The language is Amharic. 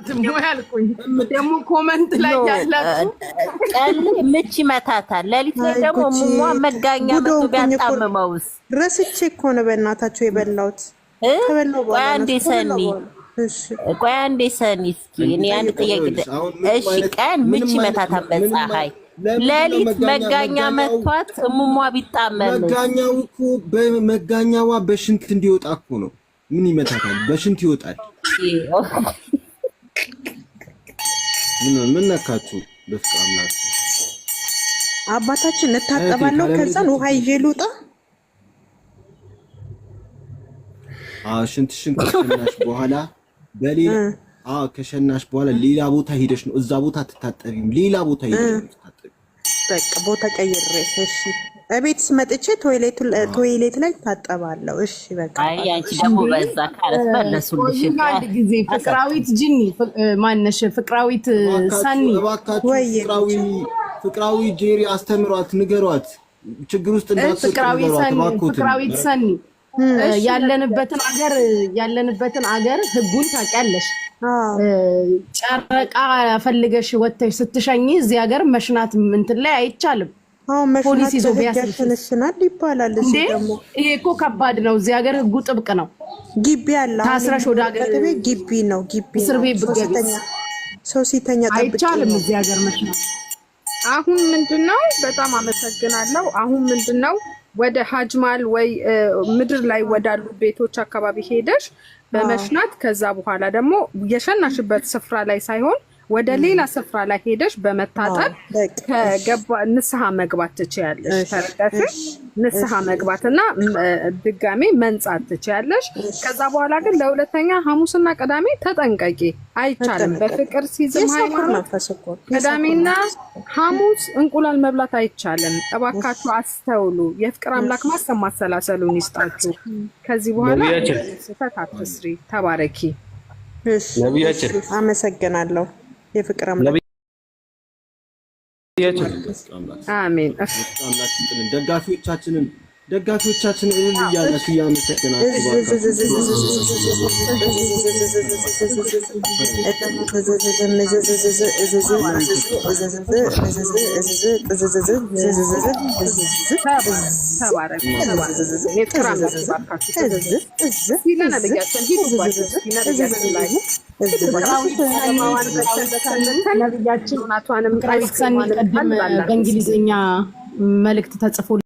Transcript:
አትም ነው ያልኩኝ። ደግሞ ኮመንት ላይ ያላችሁ ቀን ምች ይመታታል፣ ሌሊት ላይ ደግሞ ምኗ መጋኛ መቶ ቢያጣምመውስ? ረስቼ እኮ ነው በእናታቸው የበላሁት። ቆይ አንዴ ሰኒ፣ ቆይ አንዴ ሰኒ፣ እስኪ እኔ አንድ ጥያቄ። እሺ ቀን ምች ይመታታል በፀሐይ ሌሊት መጋኛ መቷት እሙሟ ቢጣመም መጋኛው እኮ በመጋኛዋ በሽንት እንዲወጣ እኮ ነው። ምን ይመታታል? በሽንት ይወጣል። ምን ነካችሁ? በፍቃ አምላክ አባታችን እታጠባለሁ፣ ከዛን ውሃ ይዤ ልውጣ። ሽንትሽን ከሸናሽ በኋላ በሌ ከሸናሽ በኋላ ሌላ ቦታ ሄደሽ ነው። እዛ ቦታ አትታጠቢም። ሌላ ቦታ ሄደሽ ነው። ቦታ ቀይሬ እሺ እቤት ስመጥቼ ቶይሌት ላይ ታጠባለሁ። እሺ በቃ ደግሞ በዛ ካለት መለሱልሽ። አንድ ጊዜ ፍቅራዊት ጅኒ ማነሽ? ፍቅራዊት ሰኒ ፍቅራዊ ጄሪ አስተምሯት፣ ንገሯት ችግር ውስጥ ፍቅራዊት ሰኒ ያለንበትን አገር ያለንበትን አገር ህጉን ታውቂያለሽ። ጨረቃ ፈልገሽ ወተሽ ስትሸኝ እዚህ ሀገር መሽናት ምንትን ላይ አይቻልም። ፖሊስ ይዞ ቢያስነሽናል ይባላል። እዚህ ይሄ እኮ ከባድ ነው። እዚህ ሀገር ህጉ ጥብቅ ነው። ግቢ ያለ ታስረሽ ወደ ሀገር ግቢ ነው ግቢ እስር ቤት ብትገቢ ሰው ሲተኛ አይቻልም። እዚህ ሀገር መች ነው አሁን ምንድን ነው? በጣም አመሰግናለሁ። አሁን ምንድን ነው ወደ ሀጅማል ወይ ምድር ላይ ወዳሉ ቤቶች አካባቢ ሄደሽ በመሽናት ከዛ በኋላ ደግሞ የሸናሽበት ስፍራ ላይ ሳይሆን ወደ ሌላ ስፍራ ላይ ሄደሽ በመታጠብ ንስሐ መግባት ትችያለሽ። ተረዳሽ? ንስሐ መግባት እና ድጋሜ መንጻት ትችያለሽ። ከዛ በኋላ ግን ለሁለተኛ ሐሙስና ቅዳሜ ተጠንቀቂ፣ አይቻልም። በፍቅር ሲዝም ሃይማኖት ቅዳሜና ሐሙስ እንቁላል መብላት አይቻልም። እባካችሁ አስተውሉ። የፍቅር አምላክ ማሰብ ማሰላሰሉን ይስጣችሁ። ከዚህ በኋላ ስህተት አትስሪ። ተባረኪ። ነቢያችን አመሰግናለሁ። የፍቅር አምላክ አሜን። ደጋፊዎቻችንን ደጋፊዎቻችን እልል እያላችሁ እያመሰገናችሁ ነቢያችን እናቷንም በእንግሊዝኛ መልእክት ተጽፎ